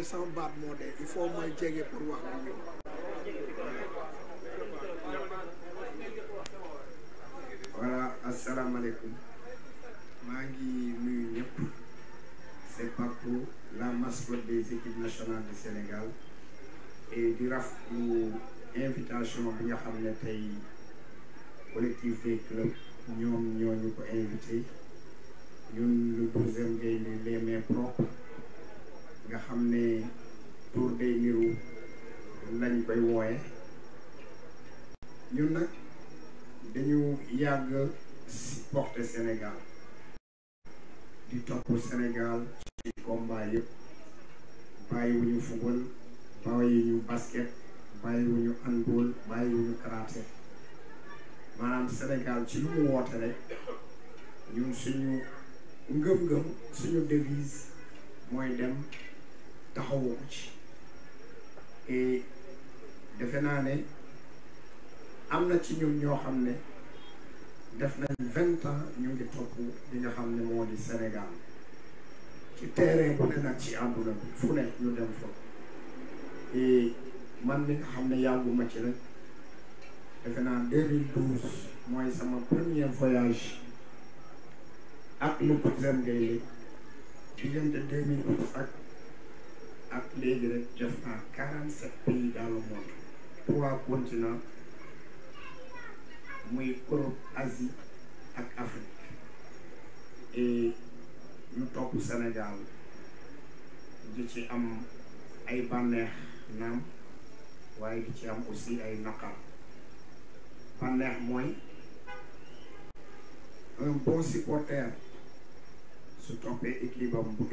rek sama baat moo il faut moi jege pour wax voilà assalamu alaikum. ngi nuyu ñëpp c'est Papou la mascotte des équipes nationales du Sénégal et RAF rafetlu invitation bi nga xam ne tey collectif des clubs nous ñoo ko invité ñun le deuxième les mains propres nga xam ne tur day niru lañ koy wooye ñun nag dañu yàgg supporter Sénégal di topp Sénégal ci combat yëpp bàyyiwuñu football bàyyiwuñu basket bàyyiwuñu handball bàyyiwuñu karaté maanaam Sénégal ci lu mu woote rek ñun suñu ngëm-ngëm suñu devise mooy dem taxawoo ko ci defe naa ne am na ci ñun ñoo xam ne def nañ vingt ans ñu ngi topp li nga xam ne moo di Sénégal ci terrain bu ne nag ci àdduna bi fu ne ñu dem fa man mi nga xam ne yàgguma ci rek defe naa 2012 mooy sama premier voyage ak le Poutine Gaye diggante 2012 ak ak léegi rek def pays dans le monde trois continents Europe Asie Afrique et sommes au Sénégal Nous avons am ay aussi ay un bon supporter se toppee équilibre bu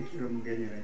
gagnerait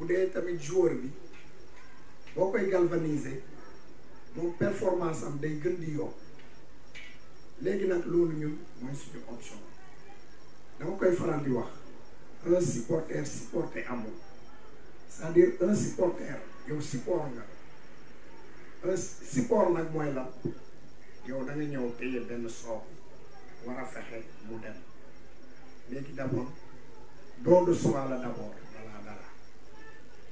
bu dee tamit joueur bi boo galvaniser moom performance am day gën di yokk léegi nag loolu ñun mooy suñu option dama koy faral di wax un supporter supporter amul c'est-à-dire un supporter yow support nga un support nag mooy lan yow da nga ñëw téye benn soow war a mu dem d'abord de soi d'abord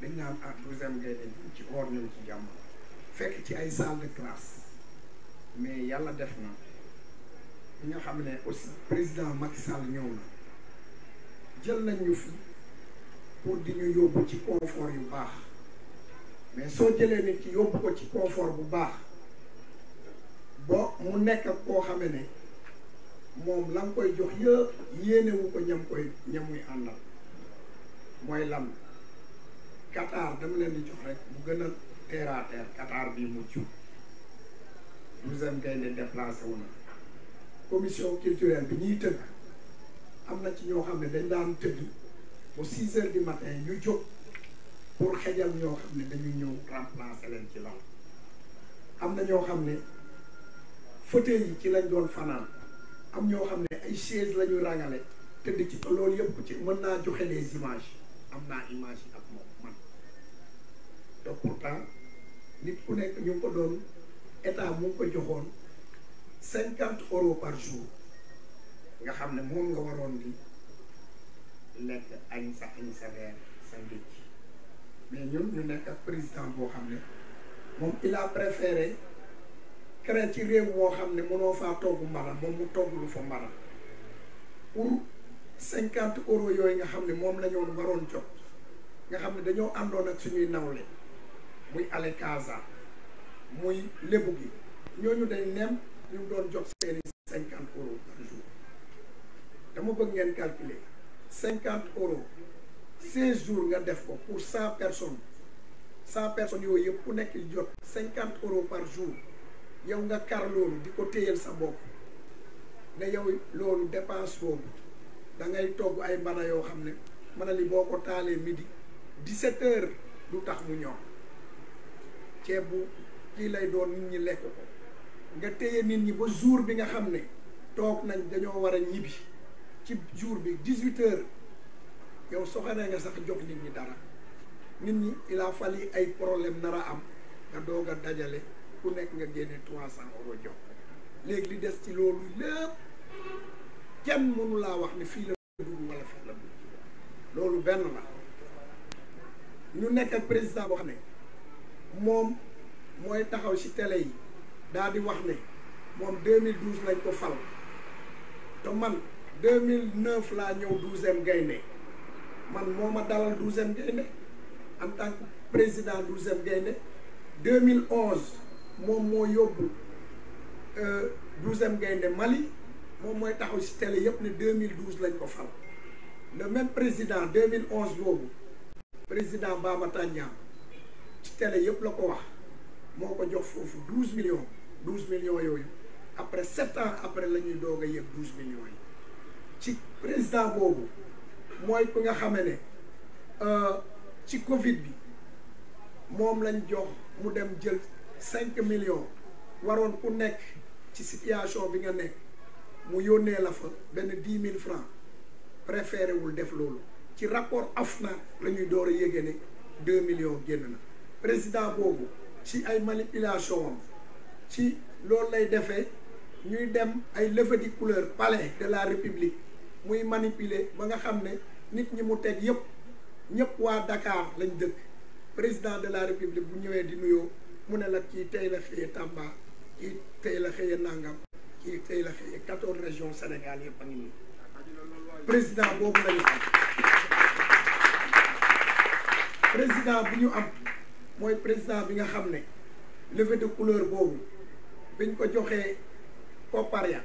dañ naan ah douzième gaynde bi ci or ñëw ci jàmm fekk ci ay de classe mais yàlla def na ñi nga xam ne aussi président Macky Sall ñëw na jël nañ ñu fi pour di ñu yóbbu ci confort yu baax mais soo jëlee nit ki yóbbu ko ci confort bu baax bo mu nekk koo xame ne moom la nga koy jox yëpp yéenewu Qatar dama leen di jox rek bu gën a terre à terre Qatar bii mujj douzième gaynde déplacé wu na commission culturelle bi ñuy tëgg am na ci ñoo xam ne dañ daan tëgg ba six heures du matin ñu jóg pour xejal ñoo xam ne dañuy ñëw remplacer leen ci law am na ñoo xam ne fauteuil yi ci lañ doon fanaan am ñoo xam ne ay chaise la ñu rangale tëdd ci loolu yëpp ci mën naa joxe les images am naa image te pourtant nit ku nekk ñu ngi ko doon état mu ngi ko joxoon cinquante euros par jour nga xam ne moom nga waroon di lekk añ sa añ sa reer sa ndécc mais ñun ñu nekk président boo xam ne moom il a préféré créer ci réew woo xam ne mënoo faa togg mbala moom mu togg lu fa mbala pour cinquante euros yooyu nga xam ne moom la ñu waroon jot nga xam ne dañoo àndoon ak suñuy nawle. muy Alekaza muy gi ñooñu dañ nem ñu doon jox seeni 50 euros par jour dama bëgg calculer 50 euros 16 jours pour 100 personnes 100 personnes yooyu ku nekk euros par jour yow nga kar loolu di ko sa bopp ne yow loolu dépense boobu da ngay togg ay mbana yoo xam ne midi ceeb bu lii lay doon nit ñi lekk ko nga téye nit ñi ba jour bi nga xam ne toog nañ dañoo war a ñibbi ci jour bi dix-huit heures yow soxoree nga sax jox nit ñi dara nit ñi ilaa a yi ay problème nar am nga doog a dajale ku nekk nga génne trois cent euros jox léegi li des ci loolu lépp kenn mënu laa wax ne fii la dugg wala fii la dugg loolu benn la ñu nekk ak président boo xam ne mon moy taxaw ci télé yi di wax ne mom 2012 lañ ko fal 2009 la 12e gaynde man moma dalal 12e gaynde en tant que président 12e 2011 je suis euh 12e gaynde Mali mom moy taxaw ci télé 2012 lañ ko fal le même président 2011 le président Baba Tania, ci télé yëpp la ko wax moo ko jox foofu douze millions douze millions yooyu après sept ans après la ñuy doog a yëg douze millions yi ci président boobu mooy ku nga xame ne euh, ci Covid bi moom lañ jox mu dem jël cinq million waroon ku nekk ci situation bi nga nekk mu yónnee la fa benn dix mille francs préféré def loolu ci rapport AFNA la ñuy door a yége ne deux millions génn na président bobu ci ay manipulation ci si lay défé ñuy dem ay levée de couleur palais de la république muy manipuler ba nga xamné nit ñi mu yépp Dakar lañ dëkk président de la république bu ñëwé di nuyo mu la ci la xëyee Tamba ci la xëyee Nangam ci la régions Sénégal président bobu président bu ñu am. mooy président bi nga xam ne levée de couleur boobu bañ ko joxee koppar ya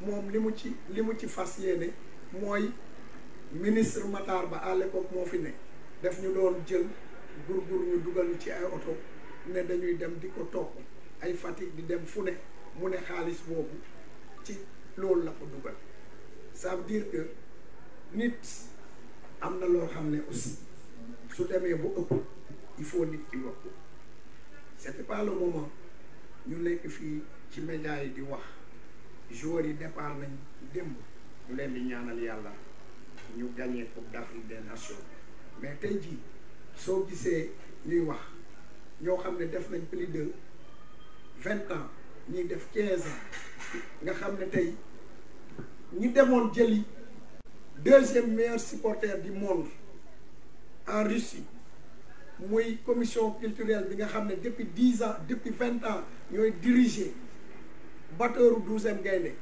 moom li mu ci li mu ci fas ne mooy ministre Matar Ba à l'époque moo fi ne def ñu doon jël gurgur ñu dugal ci ay oto ne dañuy dem di ko topp ay Fatick di dem fu ne mu ne xaalis boobu ci loolu la ko dugal ça veut dire nit am na loo xam ne aussi su demee bu ëpp il faut a dire. Ce n'était pas le moment. Nous sommes ici, dans les médias, de voir. joueurs départ, nous sommes venus à Nous avons gagné la Coupe d'Afrique des Nations. Mais aujourd'hui, qui vous disiez, nous avons fait plus de 20 ans, nous avons fait 15 ans. Nous avons fait nous avons le deuxième meilleur supporter du monde en Russie. muy commission culturelle bi nga xam ne depuis dix ans depuis vingt ans ñooy diriger batteuru douzième gaynde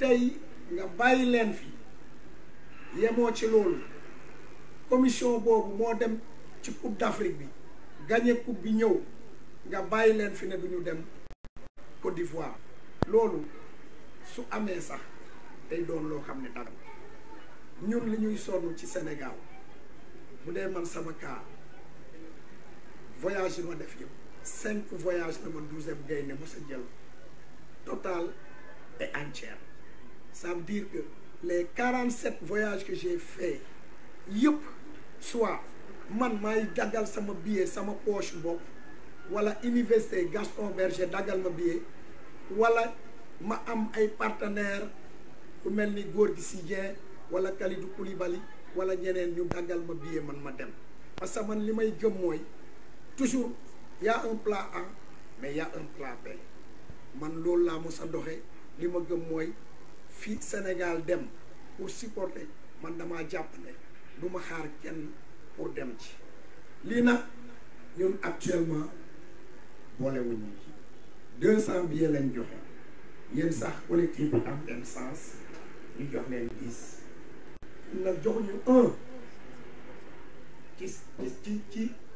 tey nga bàyyi leen fi yemoo ci loolu commission boobu moo dem ci coupe d'Afrique bi gagné coupe bi ñëw nga bàyyi leen fi ne duñu dem Côte d'Ivoire loolu su amee sax tey doon loo xam ne dara ñun li ñuy sonn ci Sénégal bu dee man sama cas voyage de ma def voyages cinq voyage la man douzième gaynde ma sa total et entier. ça veut dire que les 47 voyages que j'ai fait yop soit man ça m'a sama billet ma poche bop, wala université Gaston Berger d'agal ma billet voilà ma am ay partenaire ku mel les gourdes ici, voilà wala Kalidou Koulibaly wala ñeneen ñu dagal ma billet man ma parce que man li may gëm toujours y a un plan mais y a un plan man loolu laa mos a doxe li ma gëm mooy fii Sénégal dem pour supporter man damaa jàpp ne du ma xaar kenn pour dem ci lii nag ñun actuellement boolewuñ ñu ci deux cent billets lañ joxe yéen sax collectif bi am benn sens ñu jox leen dix. nag joxuñu un ci ci ci.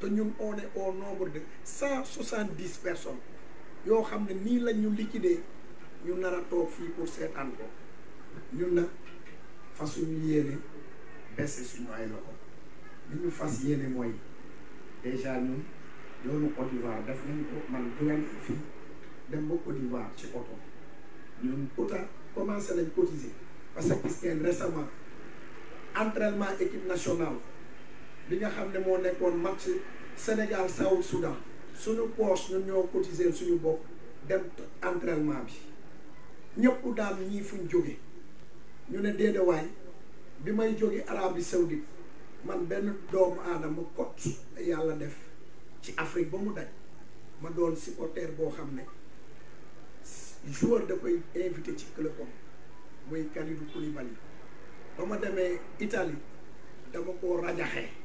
te ñun on au nombre de cent soixante dix personne yoo xam ne nii lañ ñu liquider ñu nar a toog fii pour seetaan ko ñun nag fasuñu yéene baisse suñu ay loxo li ñu fas yéene mooy déjà ñun yoonu Côte d'Ivoire def nañ ko man jóge fii dem ba Côte d'Ivoire ci oto ñun pourtant commencé nañ cotiser parce que gis ngeen récemment entraînement équipe nationale bi nga xam ne moo nekkoon match Sénégal South Soudan suñu poche ñun ñoo cotiser suñu bopp dem entraînement bi ñëpp daam ñii fuñ jóge ñu ne déedewaay bi may jóge Arabie Saoudite man benn doomu aadama kot yàlla def ci Afrique ba mu daj ma doon supporter boo xam ne joueur da koy invité ci clubam muy Kalidou Koulibaly ba ma demee Italie dama koo rajaxee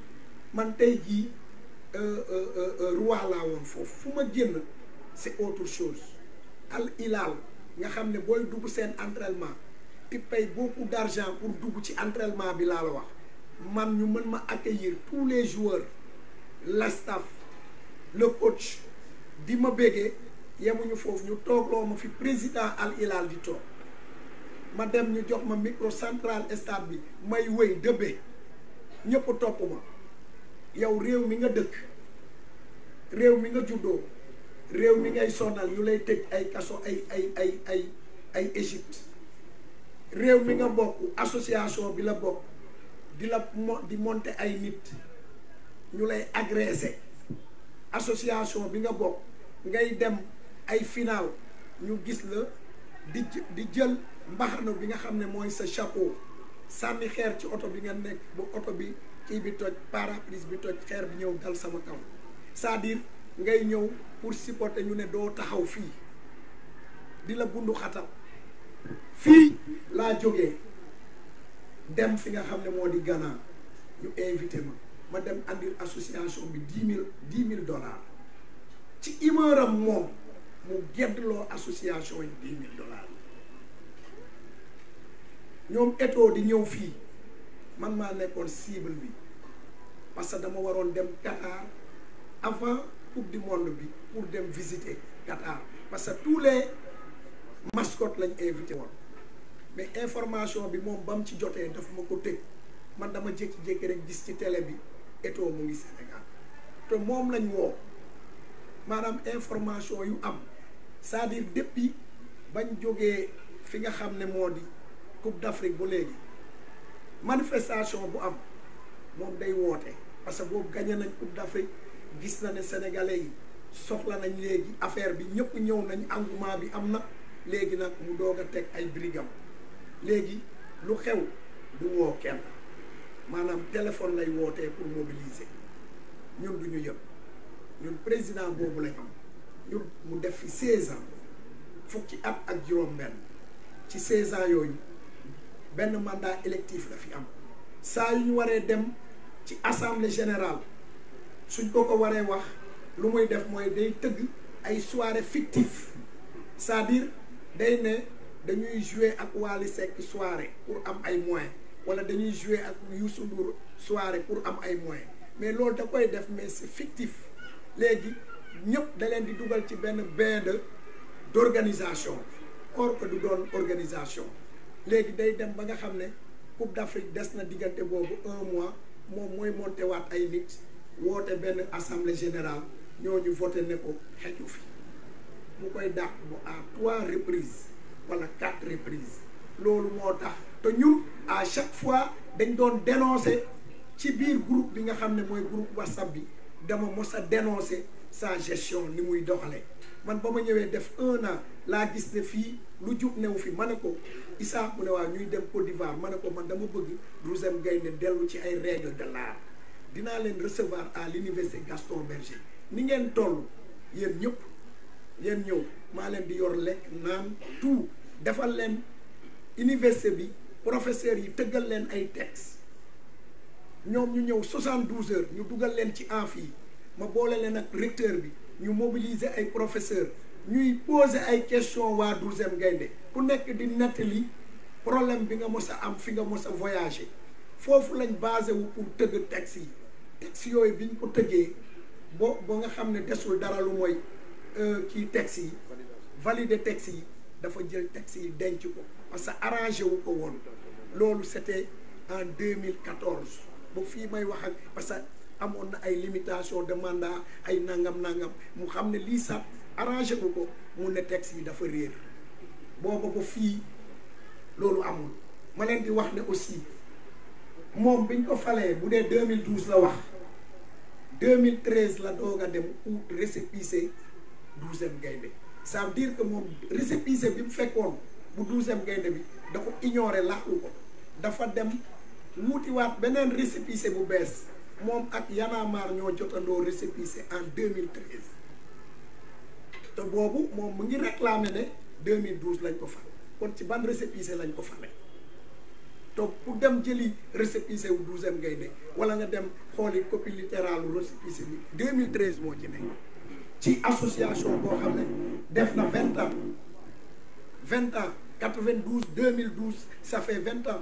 man tey jii euh, euh, euh, roi laa woon foofu fu génn c'est autre chose al hilal, nga xamné boy booy sen entraînement tu payes beaucoup d'argent pour dugg ci entraînement bi la la wax man ñu mën ma accueillir tous les joueurs la staff le coach di ma béggee yamuñu foofu ñu lo ma fi président al hilal di tok ma dem ñu jox ma micro central stade bi may wey dëbbe ñepp topp ma yow réew mi nga dëkk réew mi nga juddoo réew mi ngay sonal ñu lay tëj ay kaso ay ay ay ay ay Égypte réew mi nga bokk association bi la bokk di la mo di monter ay nit ñu lay agressé association bi nga bokk ngay dem ay final ñu gis la di di jël mbaxana bi nga xam ne mooy sa chapeau sànni xeer ci oto bi nga nekk ba oto bi ci bi toj paraprise bi toj xeer bi ñëw dal sama kaw saa à ngay ñëw pour supporter ñu ne doo taxaw fii di la bundu xatal fii laa jógee dem fi nga xam ne moo di Ghana ñu invité ma ma dem andir association bi dix mille dix mille dollars ci humeuram moom mu geddloo association yi dix mille dollars ñoom Eto'o di ñëw fii Je suis cible parce que dama dem Qatar avant coupe du monde pour dem visiter Qatar parce que tous les mascottes lañ invité mais information bi mon bam ma man dama gis ci télé bi Sénégal lañ information yu c'est-à-dire depuis bañ fi nga coupe d'Afrique manifestation bu am moom day woote parce que boobu gagné nañ Coupe d'Afrique gis na ne sénégalais yi soxla nañ léegi affaire bi ñëpp ñëw nañ engouement bi am na léegi nag mu doog a teg ay birigam léegi lu xew du woo kenn maanaam téléphone lay wootee pour mobiliser ñun du ñu yëg ñun président boobu lañ am ñun mu def fi seize ans fukki at ak juróom-benn ci seize ans yooyu. Ben mandat électif la fi am Ça ñu waré dem ci assemblée générale suñ ko ko waré wax lu muy def moy day teug ay soirée fictif c'est-à-dire day ne dañuy jouer ak Wally Seck soirée pour am ay moyens wala dañuy jouer ak Youssou Ndour soirée pour am ay moyens mais lool da koy def mais c'est fictif légui ñep da len di dugal ci ben bain de d'organisation or que du doon organisation léegi day dem ba nga xamné Coupe d'Afrique des na diggante boobu un mois mom moy monté wat ay nit woote ben assemblée générale ñu voté ne ko xeju fi mu koy dàq bu à trois reprises wala quatre reprises lolu moo tax ñun à chaque fois dañ doon dénoncer ci biir groupe bi nga xamné moy groupe WhatsApp bi je suis a dénoncer sa gestion ni muy doxalee man def un an la gis ne lu fi ko mu ñuy dem Côte d'Ivoire Je man dama bëgg règles de l'art Dina recevoir à l'université Gaston Berger ni ngeen toll yéen ñëpp yéen ñëw ma leen di yor naan tout université bi yi textes nous avons 72 heures, nous avons fait un Je suis allé avec le recteur, nous avons mobilisé les professeurs, nous avons posé des questions à 12 heures. Pour nous dire que le problème est que nous avons voyagé. Nous avons basé pour le taxi. Le taxi est venu pour le taxi. Si nous avons des soldats qui ont un taxi, validez le taxi, il faut dire le taxi est dingue. Parce que nous avons arrangé. C'était en 2014. ba fii may wax ak parce que amoon na ay limitation de ay nangam nangam mu xam ne lii sax arrangé wu ko mu ne texte yi dafa réer booba ko fii loolu amul ma leen di wax ne aussi moom biñ ko falee bu dee 2012 la wax 2013 la doog a dem ut récépissé douzième gaynde ça veut que moom récépissé bi mu fekkoon bu douzième gaynde bi da ko ignoré laaxu ko dafa dem Wat, benen récépissé bu bees mom ak yanaamaar ñoo jotandoo en 2013 te bobu mom mu ngi réclamé né 2012 lañ ko fal kon ci ban récépissé lañ ko te pour dem jëli récépissé wu 12 ème ngay né, wala nga dem copie littérale récépissé 2013 mo ci né. ci association bo xamné def na vingt ans 20 ans 92 2012 ça fait 20 ans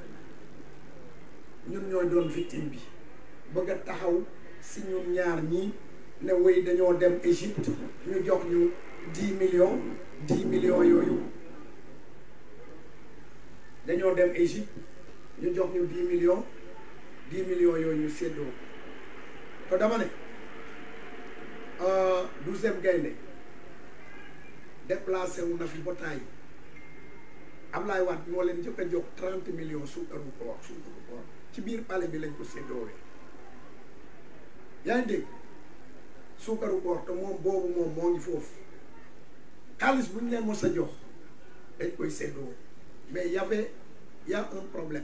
ñun ñooy doon victime bi bëgg a taxaw si ñun ñaar ñii ne wéy dañoo dem Égypte ñu jox ñu dix million dix millions yooyu dañoo ñu jox ñu dix millions dix millions yooyu ñu séddoo te dama ne euh, douzième gaynde déplacé wu na fi ba taay Ablaye Wade moo leen jëkk a jox trente millions suukaru koor suukaru koor ci biir palais bi lañ ko séddoowee yaa ngi dégg suukaru koor te moom boobu moom moo ngi leen mos a jox dañ koy mais y avait y a un problème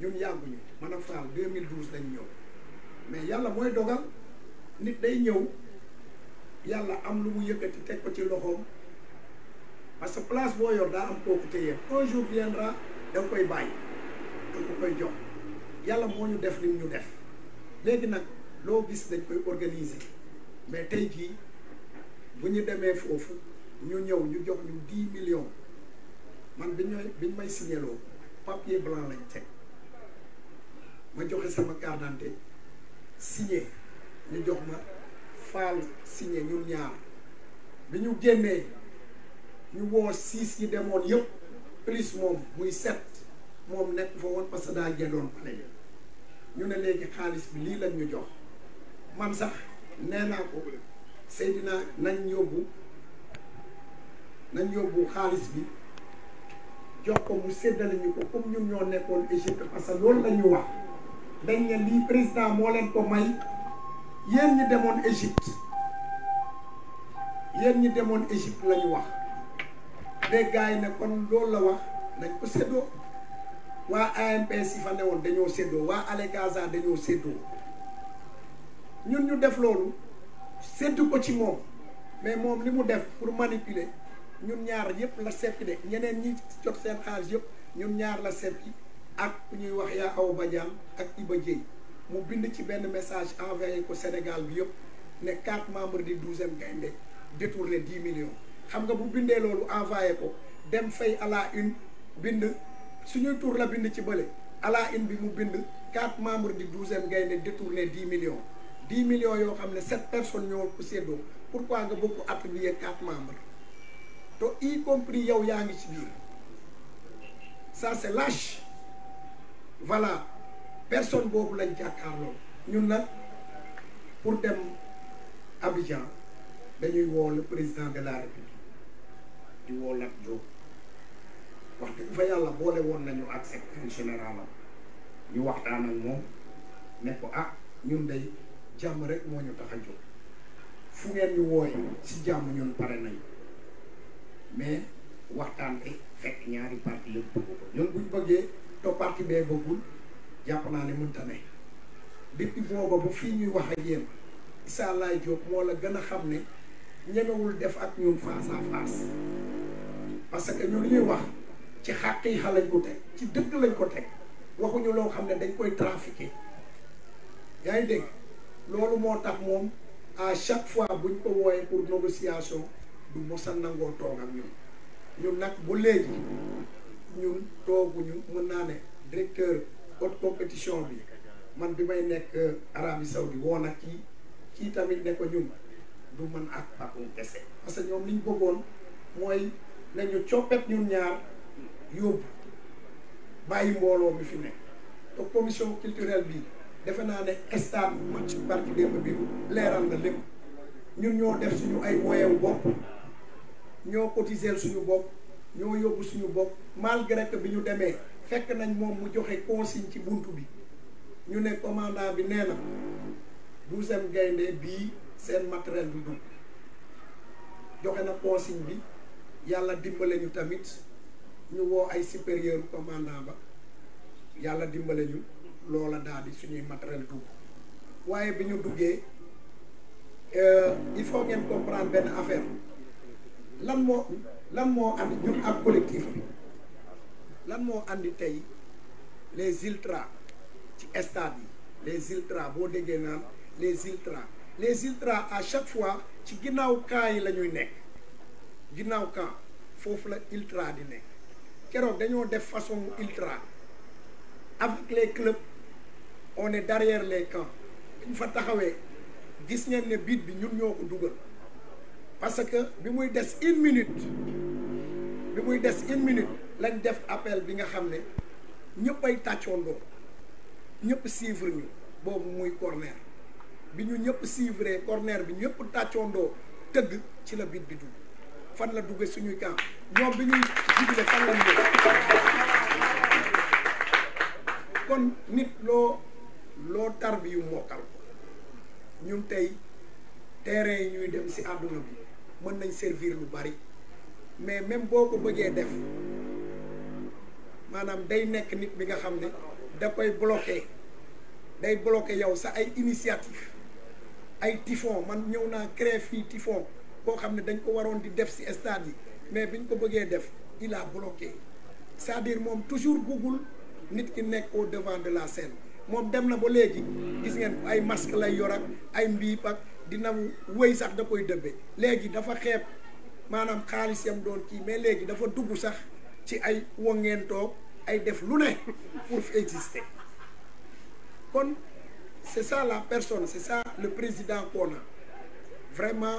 ñun yàgguñu man a faal 2012 lañ ñëw mais yàlla mooy dogal nit day ñëw yàlla am lu mu yëkkati teg ko ci loxoom parce que place yor am un jour viendra da koy bàyyi da koy yàlla moo ñu def lim ñu def léegi nag loo gis dañ koy organiser mais tey jii bu ñu demee foofu ñu ñëw ñu jox ñu dix million man bi ñooy bi ñu may signéloo papier blanc lañ teg ma joxe sama carte d'identité signé ñu jox ma faal signé ñun ñaar bi ñu génnee ñu woo six yi demoon yëpp plus moom muy sept moom nekk fa woon parce que daa jëndoon ñu ne léegi xaalis bi lii lañ ñu jox man sax nee naa ko Seydina nañ yóbbu nañ yóbbu xaalis bi jox ko mu séddale ñu ko comme ñun ñoo nekkoon Égypte parce que loolu la ñu wax dañ ne lii président moo leen ko may yéen ñi demoon Égypte yéen ñi demoon Égypte lañu wax les yi ne kon loolu la wax nañ ko séddoo wa ANPS yi fa newoon dañoo séddoo waa Ale Gaza dañoo ñun ñu def loolu seddu ko ci mom mais mom limu def pour manipuler ñun ñaar yépp la seppi de ñeneen ñi jot seen xaalis yépp ñun ñaar la seppi ak ñuy wax yaa Awa Badiane ak Iba Dieye mu bind ci ben message envoyé ko Sénégal bi yépp ne 4 membres du 12e gaynde détourné 10 millions xam nga bu bindé loolu envoyé ko dem fay ala une bind si nous tour la ci balé ala a bi 4 membres du 12e ont détourné 10 millions 10 millions yo 7 personnes ñoo ko pourquoi nga bokku appuyer 4 membres y compris yow yaangi bir ça c'est lâche voilà personne bobu lañ jakarlo ñun nak pour dem Abidjan dañuy le président de la république di wax dëgg fa yàlla boole woon nañu ak secrétaire général am ñu waxtaan ak moom ne ko ah ñun day jàmm rek moo ñu tax a jóg fu ngeen ñu wooy si jàmm ñun pare nañu mais waxtaan bi fekk ñaari parti yëpp bëgg ko ñun buñ bëggee to parti bee bëggul jàpp naa ne mënta ne depuis booba bu fii ñuy wax ak yéen Issa Laye Diop moo la gën a xam ne ñemewul def ak ñun face à face parce que ñun ñuy wax ci xàq yi xa lañ ko teg ci dëgg lañ ko teg waxuñu loo xam ne dañ koy trafiqué yaa ngi dégg loolu moo tax moom a chaque fois buñ ko wooyee pour négociation du mos a nangoo toog ak ñun ñun nag bu léegi ñun tooguñu mën naa ne directeur haute compétition bi man bi may nekk Arabie Saoudi woo na kii kii tamit ne ko ñun du mën ak Bakhoum kese parce que ñoom liñ bëggoon mooy nañu coppet ñun ñaar yóbbu bàyyi mbooloo mi fi nekk te commission culturelle bi defe naa ne instant bi ci barki démb bi leeral na lépp ñun ñoo def suñu ay moyen wu bopp o cotiser suñu bopp ñoo yóbbu suñu bopp malgré que bi ñu demee que nañ moom mu joxe consigne ci bunt bi ñu ne commandant bi nee na douzième gaynde bii na consigne bi yàlla dimbale ñu tamit ñu woo ay supérieur commandant ba yàlla dimbale ñu loola daal di suñuy matériel dugg waaye bi ñu duggee euh, il faut ngeen comprendre benn affaire lan moo lan moo andi ñun ak collectif lan moo andi tey les iltra ci stade yi les ultras boo déggee naan les iltra les iltra à chaque fois ci ginnaaw camp yi la ñuy nekk ginnaaw camp foofu la iltra di nekk Nous fait de façon ultra avec les clubs on est derrière les camps Une fa que gis le but de bi ñun parce que bi muy avons une minute nous muy avons une minute lañ def appel bi nga Nous ne Nous suivre corner avons ñu ñëpp suivre corner ci la bi fan la duggee suñuy camp ñoom bi ñuy jubile kon nit loo loo tarbi yu mokkal ko ñun tey terrain yi ñuy dem si àdduna bi mën nañ servir lu bari mais même boo ko bëggee def maanaam day nekk nit bi nga xam ne da koy bloqué day bloqué yow sax ay initiative ay typhon man ñëw naa créer fii typhon boo xam ne dañ ko waroon di def si stade mais biñ ko bëggee def il a bloqué c'est-à-dire moom toujours Google nit ki nekk au devant de la scène Mon dem na ba léegi gis ngeen ay masque lay yor ak ay mbiip ak dina wey sax da koy debbe légui dafa manam maanaam yam doon ki mais légui dafa dugg sax ci ay wongeen tok ay def lu né pour exister kon c'est ça la personne c'est ça le président qu'on a vraiment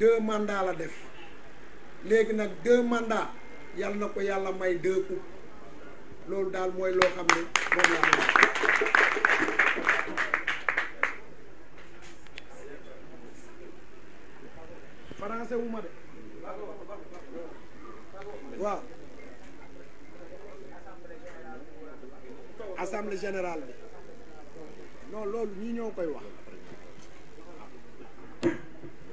dë mandats la def léegi nag deux mandats yàlla na ko yàlla may deux coups loolu daal mooy loo xam ne moom laa am français de waaw assemblée général bi non loolu ñu ñëw koy wax